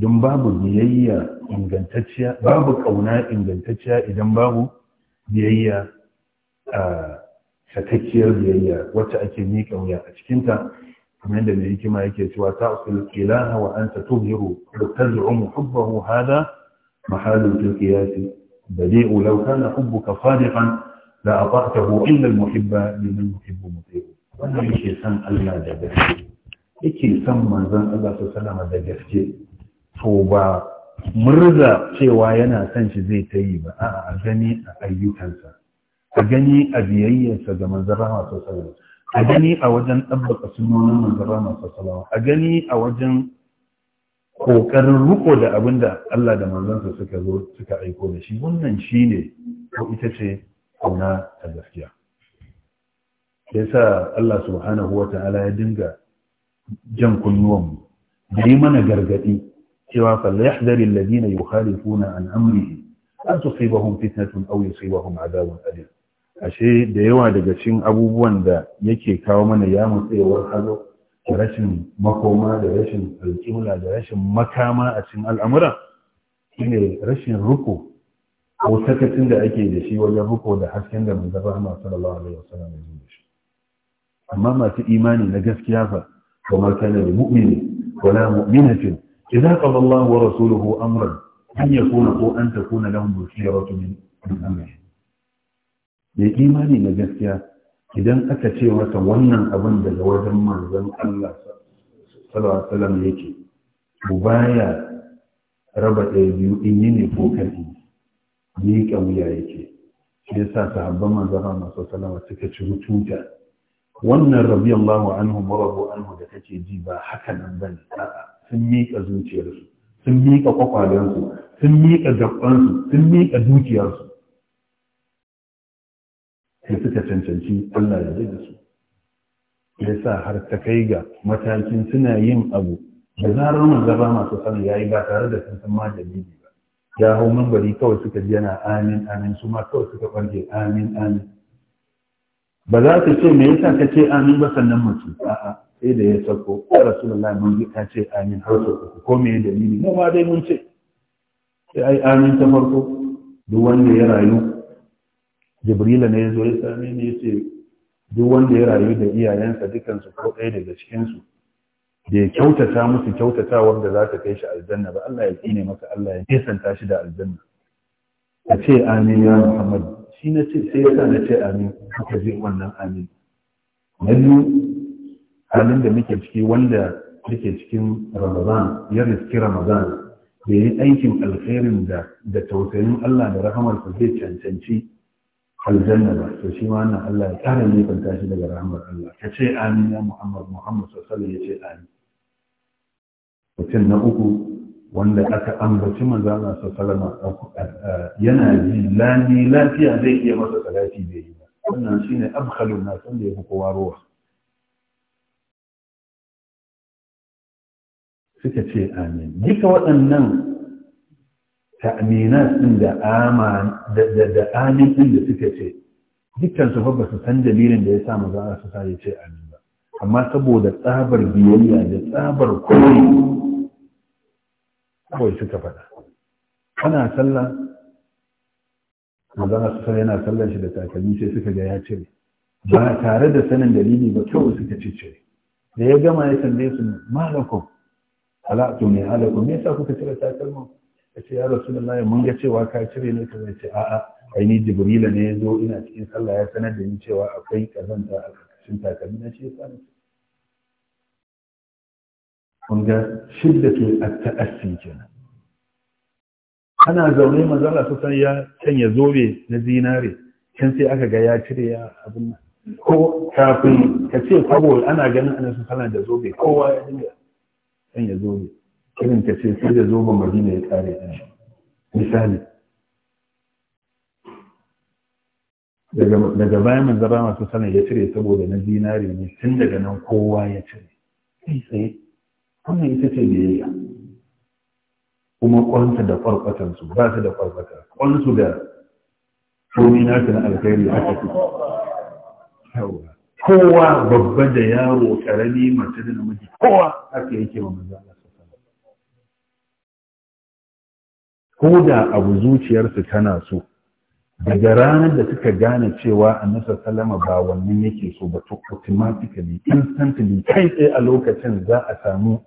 don babu biyayya ingantacciya babu ƙauna ingantacciya idan babu biyayya a ah, shakakkiyar biyayya wacce ake miƙa wuya a cikinta kamar da mai hikima yake cewa ta'sul ilaha wa anta tubhiru wa taz'umu hubbahu hada mahalun fil qiyas badi'u law kana hubbuka sadiqan la ata'tahu illa al muhibba liman yuhibbu muti'u wannan yake san Allah da gaske yake san manzon Allah sallallahu alaihi da gaske to ba murza cewa yana son shi zai ta yi ba a gani a ayyukansa A gani a biyayyarsa ga manzon masu sallallahu a gani a wajen ɗabbaka sunonin manzon masu sallallahu a gani a wajen kokarin riko da abin da Allah da manzansa suka zo suka aiko da shi wannan shine ko ita ce kauna ta gaskiya sai sa Allah subhanahu wa ta'ala ya dinga jan kunnuwanmu da yi mana gargaɗi cewa falla ya hadari ladina yukhalifuna an amrihi an tusibahum fitnatun aw yusibahum adabun alim ashe da yawa daga cikin abubuwan da yake kawo mana ya mutsewar hazo da rashin makoma da rashin alƙibla da rashin makama a cikin al'amura shine rashin ruko ko sakacin da ake da shi wajen ruko da hasken da manzon Rahama sallallahu alaihi wasallam ya zuwa shi amma masu imani na gaskiya fa kamar kana mu'mini wala mu'minatin idza qada Allah wa rasuluhu amran an yakuna ko an takuna lahum bushiratu min amrihi mai imani na gaskiya idan aka ce masa wannan abin daga wajen manzan Allah sallallahu alaihi wasallam yake ku baya raba ɗaya biyu in yi ne ko kaɗi miƙa wuya yake shi yasa sahabban manzan Allah sallallahu alaihi suka ci rututa wannan radiyallahu anhu wa anhu da kake ji ba haka nan bane a'a sun miƙa zuciyarsu sun miƙa kwakwalensu sun miƙa gabansu sun miƙa dukiyarsu sai suka cancanci Allah ya da su ya sa har ta kai ga matakin suna yin abu da zarar manzaba masu ya yi ba tare da sun san ma dalili ba ya hau mambari kawai suka ji yana amin amin su ma kawai suka ɓarge amin amin ba za su ce me yasa ka ce amin ba sannan mutum a'a sai da ya sako ya lai mun ji ka ce amin har sau ku ko me dalili mu ma dai mun ce sai ai amin ta farko duk wanda ya rayu jibrila ne ya zo ya same ya ce duk wanda ya rayu da iyayensa dukansu ko ɗaya daga cikinsu bai kyautata musu kyautatawar da za ta kai shi aljanna ba Allah ya tsine masa Allah ya nesanta shi da aljanna a ce amin ya Muhammad shi na ce sai na ce amin haka zai wannan amin na biyu halin da muke ciki wanda muke cikin Ramadan ya riski Ramadan bai yi aikin alkhairin da da tausayin Allah da rahamarsa zai cancanci aljanna ba to shi ma wannan Allah ya kara nufanta tashi daga rahmar Allah ka ce amin ya Muhammad Muhammad sallallahu alaihi ya ce amin mutum na uku wanda aka ambaci manzo Allah sallallahu alaihi yana ji lani lafiya zai iya masa salati da yi wannan shine abkhalu na sanda da yafi kowa ruwa suka ce amin duka waɗannan ta'minat din da aman da da amin din da suka ce dukkan su ba su san dalilin da ya sa maza su sa ya ce amin ba amma saboda tsabar biyayya da tsabar koyi kawai suka faɗa ana sallah maza su sa yana sallan shi da takalmi sai suka ga ya ce ba tare da sanin dalili ba kawai suka ce ce da ya gama ya tambaye su malakum tuni ala halakum me yasa kuka cire takalmanku ka ce ya rasulullahi mun ga cewa ka cire ne ka zai ce a'a ai ni jibrila ne ya zo ina cikin sallah ya sanar da ni cewa akwai kazanta a karkashin takalmi na shi yasa ne kun ga ke a taassi kenan ana zaune mazala su san ya canya zobe na zinare can sai aka ga ya cire ya abin nan ko kafin ka ce kwabo ana ganin ana su sana da zobe kowa ya dinga canya zobe irin ta ce sai da zoben madina ya kare ta misali daga bayan ba masu sanar ya cire saboda na zinari ne tun daga nan kowa ya cire kai tsaye wannan ita ce da yaya kuma kwanta da farfatansu ba su da farfata kwansu da komi nasu na alkhairi a su kowa babba da yaro karami mace da namiji kowa haka yake wa manzaba ko da abu zuciyarsu tana so daga ranar da suka gane cewa annabi salama ba wannan yake so ba to automatically instantly kai tsaye a lokacin za a samu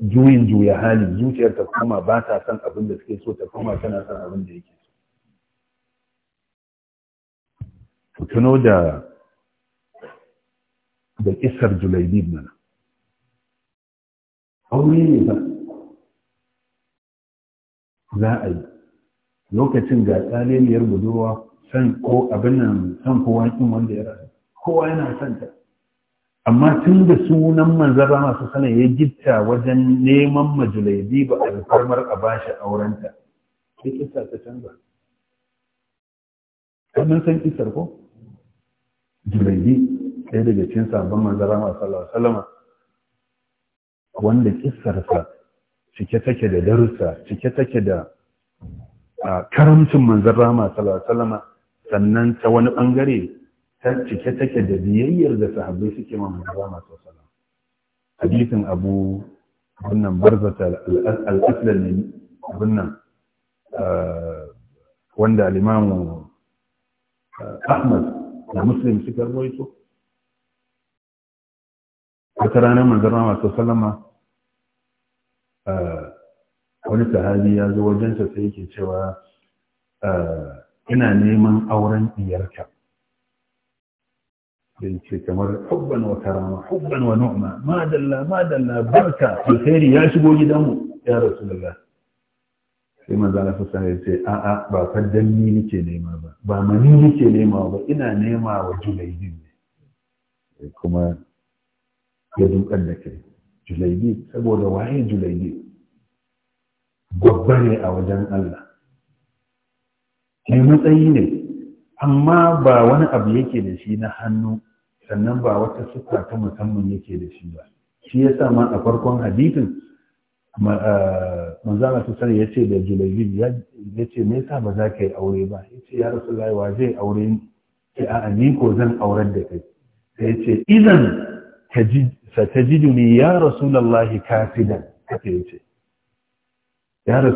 juyin juya hali zuciyar ta kuma ba ta son abin da suke so ta kuma tana son abin da yake so tuno da da kisar julaibib mana aure ne ba za a yi lokacin ga tsaleliyar budurwa san ko abin nan san kowa kin wanda ya rasu kowa yana son ta amma tun da sunan manzara masu sanar ya gitta wajen neman majulaibi ba a farmar a ba shi aurenta sai kisa ta canza wannan san kisar ko julaibi ɗaya daga cikin sabon manzara masu sallama wanda kisarsa cike take da darussa cike take da karamcin manzan rama salama, sannan ta wani bangare ta cike take da biyayyar da sahabbai suke ma manzan rama salama hadisin abu wannan barzata al ne wannan wanda alimamu Ahmad da Muslim suka rawaito wata ranar manzan Rama salama. wani sahabi ya zo wajensa sai yake cewa ina neman auren diyarka sai ce kamar hubban wa karama hubban wa nu'ma ma dalla ma dalla barka alkhairi ya shigo gidanmu ya rasulullah sai manzo Allah sallallahu ya ce a a ba fa ni nake nema ba ba mani nake nema ba ina nema wa julaidin ne kuma ya dukkan da kai julaidi saboda waye julaidi babba ne a wajen Allah mai matsayi ne amma ba wani abu yake da shi na hannu sannan ba wata suka ta musamman yake da shi ba shi ya sa a farkon hadithin? manzana su sani ya ce da julaidi ya ce me yasa ba za ka yi aure ba ya ce ya rasu laiwa zai aure ni a ni ko zan aurar da kai sai ya ce idan ka ji satajiduni ya rasulullahi kafidan haka yace ya ne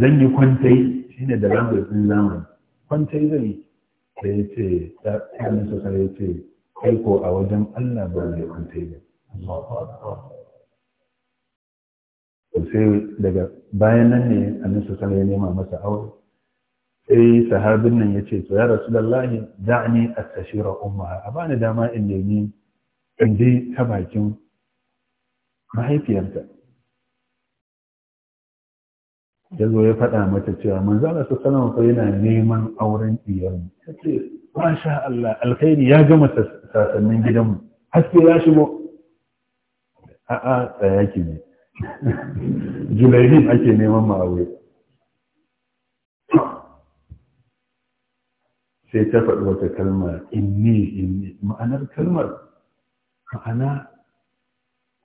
zan yi kwantai shine da lambar din zamani kwantai zan yi da yace ya kan su sai yace kai ko a wajen Allah ba ne kwantai ba sai daga bayan nan ne annabi sallallahu alaihi ya nema masa aure sai sahabin nan ya ce to ya rasulullahi da'ni astashira umma abana dama in nemi in ta bakin mahaifiyarta ya zo ya faɗa mata cewa manzo Allah su yana neman auren iyalu ta ce masha Allah alkhairi ya gama sasannin gidanmu haske ya shigo a'a tsaya ki ne Julairin ake neman ma'aure sai ta faɗi wata kalma inni inni ma'anar kalmar ma'ana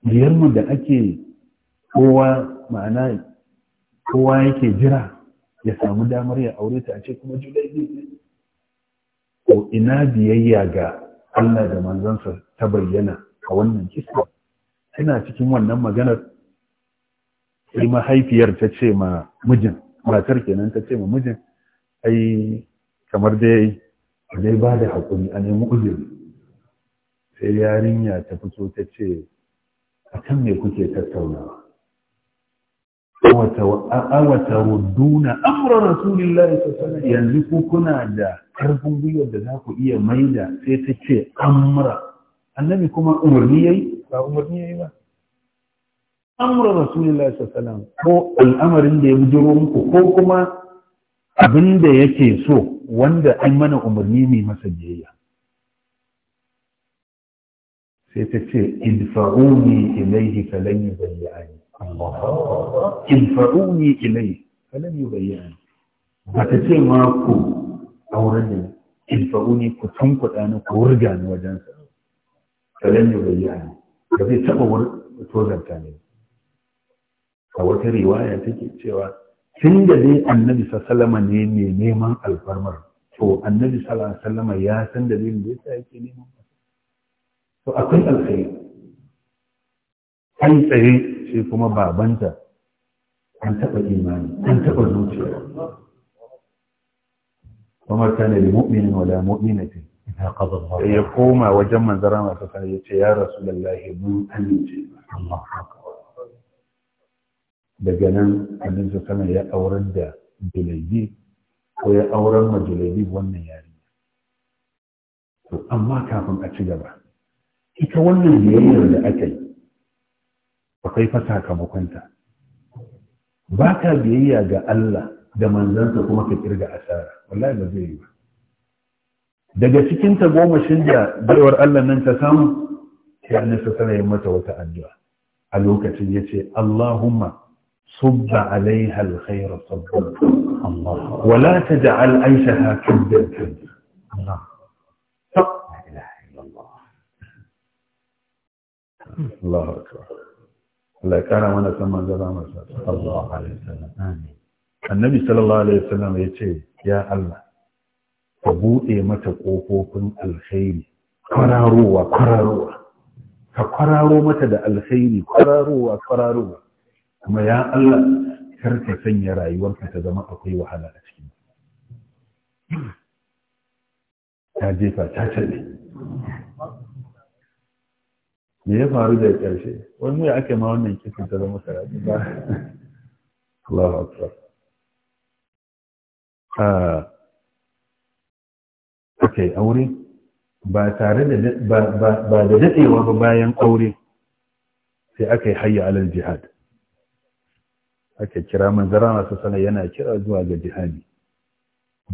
biyarmu da ake kowa ma'ana kowa yake jira ya samu damar ya aure ta a ce kuma julaibi ne ko ina biyayya ga Allah da manzansa ta bayyana a wannan kisa ina cikin wannan maganar sai mahaifiyar ta ce ma mijin matar kenan ta ce ma mijin ai kamar dai dai ba da haƙuri a nemi uzuri sai yarinya ta fito ta ce a kan me kuke tattaunawa awata rudduna amra rasulillahi sana yanzu ku kuna da karfin gwiwar da za ku iya maida sai ta ce amura annabi kuma umarni ya yi? ba umarni ya yi ba amra rasulillahi sana ko al'amarin da ya bujiro muku ko kuma abin da yake so wanda an mana umarni mai masa biyayya sai ta ce idfa'uni ilayhi falan yubayyani idfa'uni ilayhi falan yubayyani ba ta ce ma ku auren da idfa'uni ku tun kuɗa ni ku wurga ni wajen wajensa falan yubayyani ba zai taɓa tozarta ne a wata riwaya take cewa tun da dai annabi sallama ne mai neman alfarmar to annabi sallama ya san dalilin da yasa yake neman to akwai alkhairi kai tsaye shi kuma babanta an taɓa imani an taɓa zuciya kamar kana da mu'minin wala mu'minatin ya koma wajen manzara masu kan ya ce ya rasu lallahi mun amince Allah daga nan abin su sana ya auren da julaidi ko ya auren ma julaidi wannan yari to amma kafin a ci gaba ita wannan biyayyar da aka yi akwai fasa kamakonta ba ka biyayya ga Allah da manzansa kuma ka kirga asara wallahi ba zai yi ba daga cikin ta goma shin da baiwar Allah nan ta samu sai annabi sallallahu yi mata wata addu'a a lokacin yace Allahumma صب عليها الخير صبا الله ولا تجعل عيشها كبدا الله Allah kara mana sallallahu alaihi ya ce ya Allah ka buɗe mata ƙofofin alkhairi kwararowa ka kwararo mata da alkhairi kwararowa kwararowa kuma ya Allah kar ka sanya rayuwarka ta zama akwai wahala a cikin jefa ta me ya faru da ƙarshe wani ya ake ma wannan kisan ta zama sarari ba Allahu akbar ake ah, aure ba tare da ba da daɗewa ba bayan aure sai aka yi hayya alal jihad Ake kira manzara masu sana yana kira zuwa ga jihadi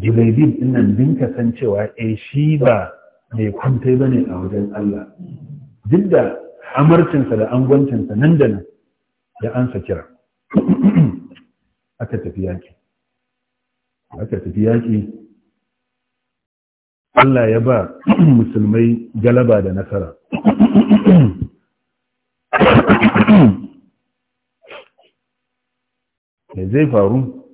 jibaibin innan san cewa? eh shi ba mai kwantai bane a wajen Allah duk amarcinsa da angwancinsa nan da nan ya ansa kira aka tafi yaƙi aka tafi yaƙi Allah ya ba musulmai galaba da nasara da zai faru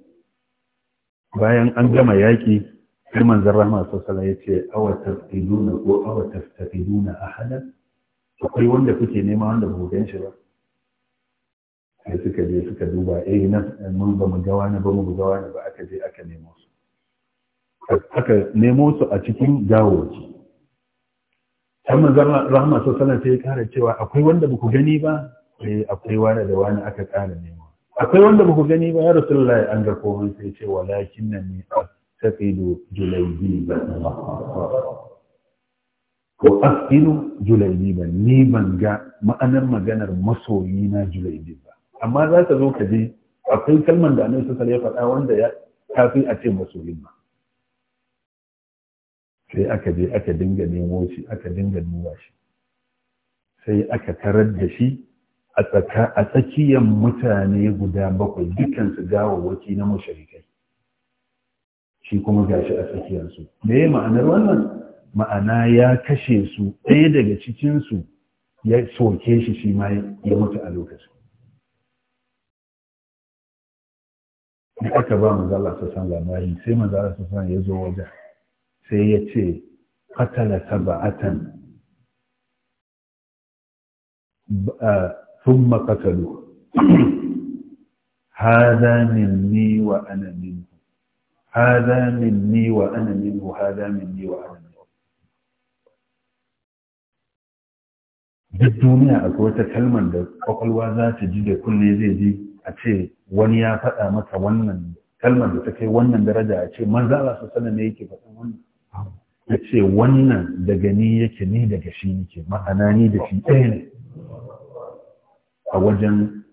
bayan an gama yaƙi sai manzan rahama sassala ya ce awa tafi ko awa tafi a hadar akwai wanda kuke nema wanda ba gan shi ba sai suka je suka duba eh nan mun ba mu ga wani ba mu ga wani ba aka je aka nemo su aka nemo su a cikin gawoci sai manzon rahama sallallahu alaihi wasallam ya kara cewa akwai wanda ba ku gani ba eh akwai wani da wani aka kara nemo akwai wanda ba ku gani ba ya rasulullahi an ga komai sai ce walakin nan ne taqidu julaybi ba ko asinu julaibi ba ni ban ga ma'anar maganar masoyi na julaibi ba amma za ka zo ka je akwai kalman da annabi sallallahu alaihi faɗa wanda ya kafi a ce masoyin ba. sai aka je aka dinga nemo shi aka dinga duba shi sai aka tarar da shi a tsakiyar mutane guda bakwai dukansu gawawwaki na mashirikai shi kuma gashi a tsakiyarsu me ma'anar wannan ma'ana ya kashe su ɗaya daga cikinsu ya soke shi shi ma ya mutu a lokacin da aka ba zala su san labari sai zala su san ya zo wajen sai ya ce katala saba'atan ثم قتلوه هذا مني وأنا منه هذا مني وأنا منه هذا مني وأنا منه duk duniya akwai wata kalmar da kwakwalwa za ta ji da kunne zai ji a ce wani ya faɗa mata wannan kalmar da ta kai wannan daraja a ce manzo Allah su sanar ne yake faɗin wannan ya ce wannan daga ni yake ni daga shi yake ma'ana ni da shi ɗaya ne a wajen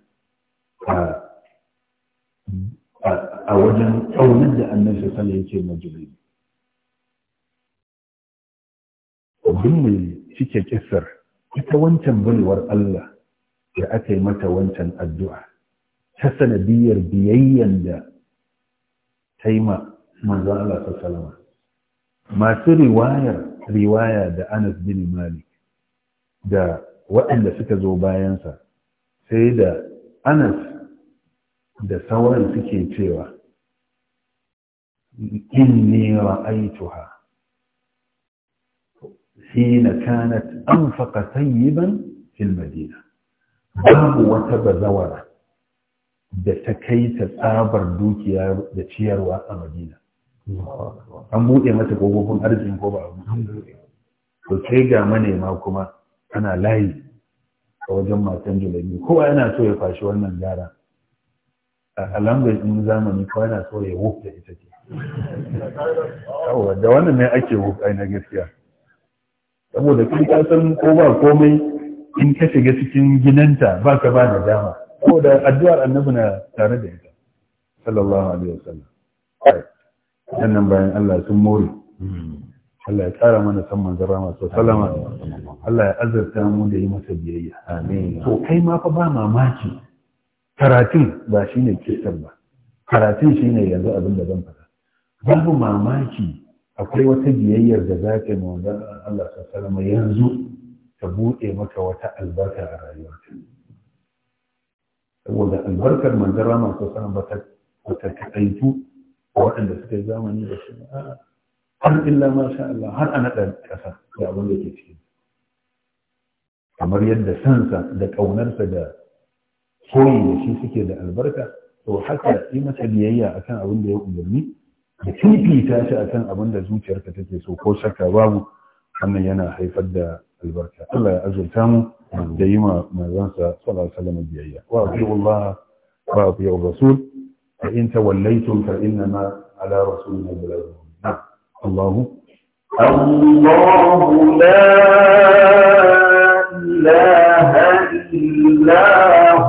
a wajen tsaunin da annabi sallallahu yake majalibi abin mai cike kisar ita wancan baiwar Allah da aka yi mata wancan addu'a ta sanadiyar biyayyen da ta yi ma manzan Allah ta salama masu riwayar riwaya da Anas bin Malik da waɗanda suka zo bayansa sai da Anas da sauran suke cewa inni ra'aituha hina kanat anfaqa sayyiban fil madina babu wata bazawara da ta kai ta tsabar dukiya da ciyarwa a madina an buɗe mata kogogin arzikin ko ba to sai ga manema kuma ana layi a wajen matan julabi kowa yana so ya fashi wannan gara a in zamani kowa yana so ya wuf ita ce da wannan ne ake wuf ai na gaskiya saboda kai ka san ko ba komai in ka shiga cikin ginanta ba ka ba da dama saboda addu'ar annabi na tare da ita sallallahu alaihi wasallam sannan bayan Allah sun more Allah ya tsara mana san rama masu sallama Allah ya azurta mu da yi masa biyayya amin to kai ma fa ba mamaki karatun ba shine kisan ba karatun shine yanzu abin da zan faɗa babu mamaki akwai wata biyayyar da za ka yi manzon Allah sallallahu yanzu ta buɗe maka wata albarka a rayuwarka saboda albarkar manzon Allah sallallahu alaihi ba ta kaɗaitu a waɗanda suka yi zamani da shi har illa ma sha Allah har a naɗa ƙasa da abin da ke ciki kamar yadda sansa da ƙaunarsa da soyi da shi suke da albarka to haka yi masa biyayya akan abin da ya umarni ka fifita shi akan abin da zuciyarka take so ko shakka babu wannan yana haifar da albarka Allah ya azurta mu da yi ma manzansa sallallahu alaihi wasallam biyayya wa atiu Allah wa atiu Rasul fa in tawallaytum fa innama ala rasulina balagh الله الله لا إله إلا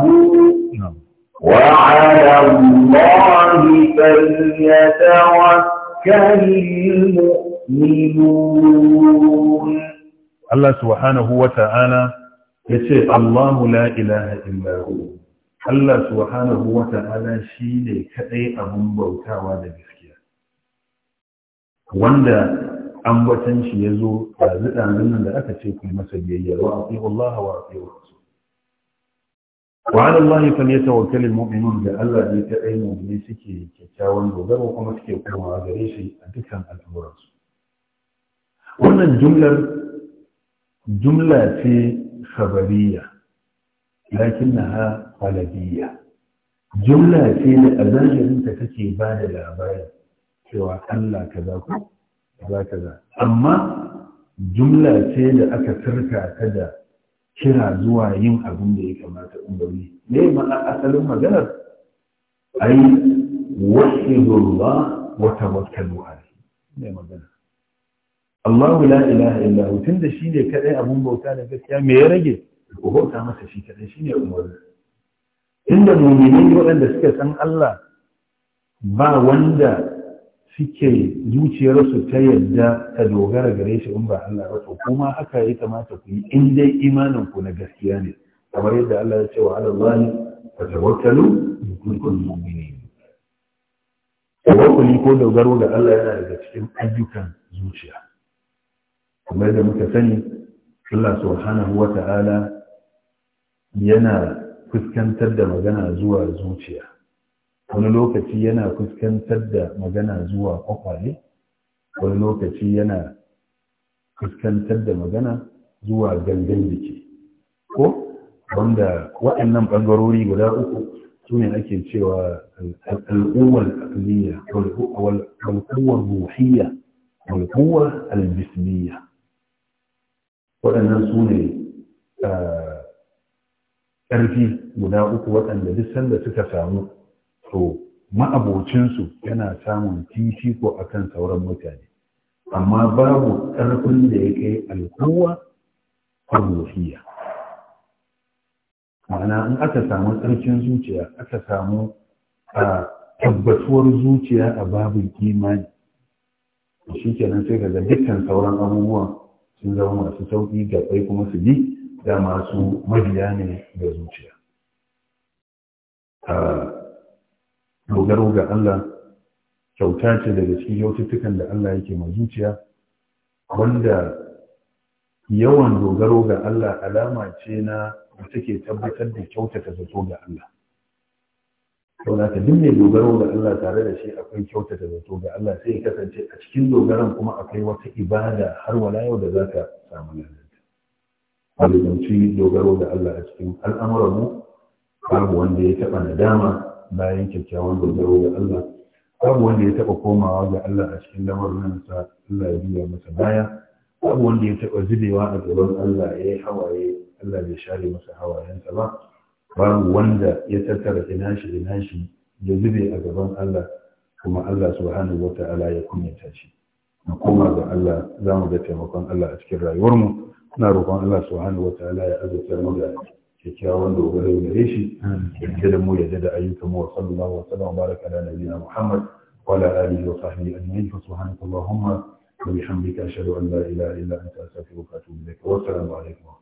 هو وعلى الله فليتوكل المؤمنون الله سبحانه وتعالى يقول الله لا إله إلا هو Allah subhanahu wa ta'ala shi ne kaɗai abin bautawa da gaskiya. Wanda ambatan shi ya zo ɗazi-ɗazin nan da aka ce ku masa biyayya wa a Allah wa a wa ala Allah falyatawakkal almu'minun da Allah ne ta dai mu'mini suke kyakkyawan dogaro kuma suke komawa gare shi a dukkan al'amuransu wannan jumlar jumla ce khabariya lakinnaha qalabiyya jumla ce da a zahirin ta take ba da labari cewa Allah kaza ko kaza kaza amma jumla ce da aka turka ka da kira zuwa yin abin da ya kamata umarni ne a asalin maganar ai wasilullah wa tawakkalu alayhi ne magana Allahu la ilaha illa hu tunda ne kadai abin bauta da gaskiya me ya rage ku bauta masa shi shi shine umarni Inda mu'minai waɗanda suka san Allah ba wanda suke zuciyarsu ta yadda ta dogara gare shi in ba Allah ba to kuma haka ya kamata ku yi in dai imanin ku na gaskiya ne kamar yadda Allah ya ce wa Allah ta tawakkalu in kuntum mu'minin tawakkuli ko dogaro da Allah yana daga cikin ayyukan zuciya kuma da muka sani Allah subhanahu wata'ala yana fuskantar da magana zuwa zuciya wani lokaci yana fuskantar da magana zuwa kwakwale wani lokaci yana fuskantar da magana zuwa gangan jiki ko wanda waɗannan ɓangarori guda uku su ne ake cewa al'uwar aliyya al'uwar ruhiyya al'uwar albismiyya waɗannan su ne ƙarfi guda uku waɗanda duk sanda suka samu to ma'abocinsu yana samun fifiko a kan sauran mutane amma babu ƙarfin da ya kai alkuwa ruhiyya ma'ana in aka samu ƙarfin zuciya aka samu a tabbatuwar zuciya a babin imani shi kenan sai ga dukkan sauran abubuwan sun zama masu sauƙi ga kai kuma su bi da masu mabiya ne da zuciya dogaro ga Allah kyauta ce daga cikin kyaututtukan da Allah yake ma zuciya wanda yawan dogaro ga Allah alama ce na da take tabbatar da kyautata zato ga Allah to da duk mai dogaro ga Allah tare da shi akwai kyautata zato ga Allah sai kasance a cikin dogaron kuma akwai wata ibada har wala yau da za ka samu lalata a dogaro ga Allah a cikin al'amuranmu, babu wanda ya taɓa nadama bayan kyakkyawan dogaro ga Allah babu wanda ya taba komawa ga Allah a cikin lamarin sa Allah ya biya masa baya babu wanda ya taba zubewa a gaban Allah ya yi hawaye Allah bai share masa hawayensa ba babu wanda ya tattara ina shi ina shi ya zube a gaban Allah kuma Allah subhanahu wata'ala ya kunyata shi mu koma ga Allah za mu ga taimakon Allah a cikin rayuwarmu Ina roƙon Allah subhanahu wata'ala ya azurta mu da kyakkyawan dogaro gare shi yadda da mu yadda da ayyukan mu wa sallallahu wa sallam baraka ala nabiyina muhammad wa ala alihi wa sahbihi ajma'in fa subhanaka allahumma wa bihamdika ashhadu an la ilaha illa anta astaghfiruka wa atubu ilaik wa assalamu alaikum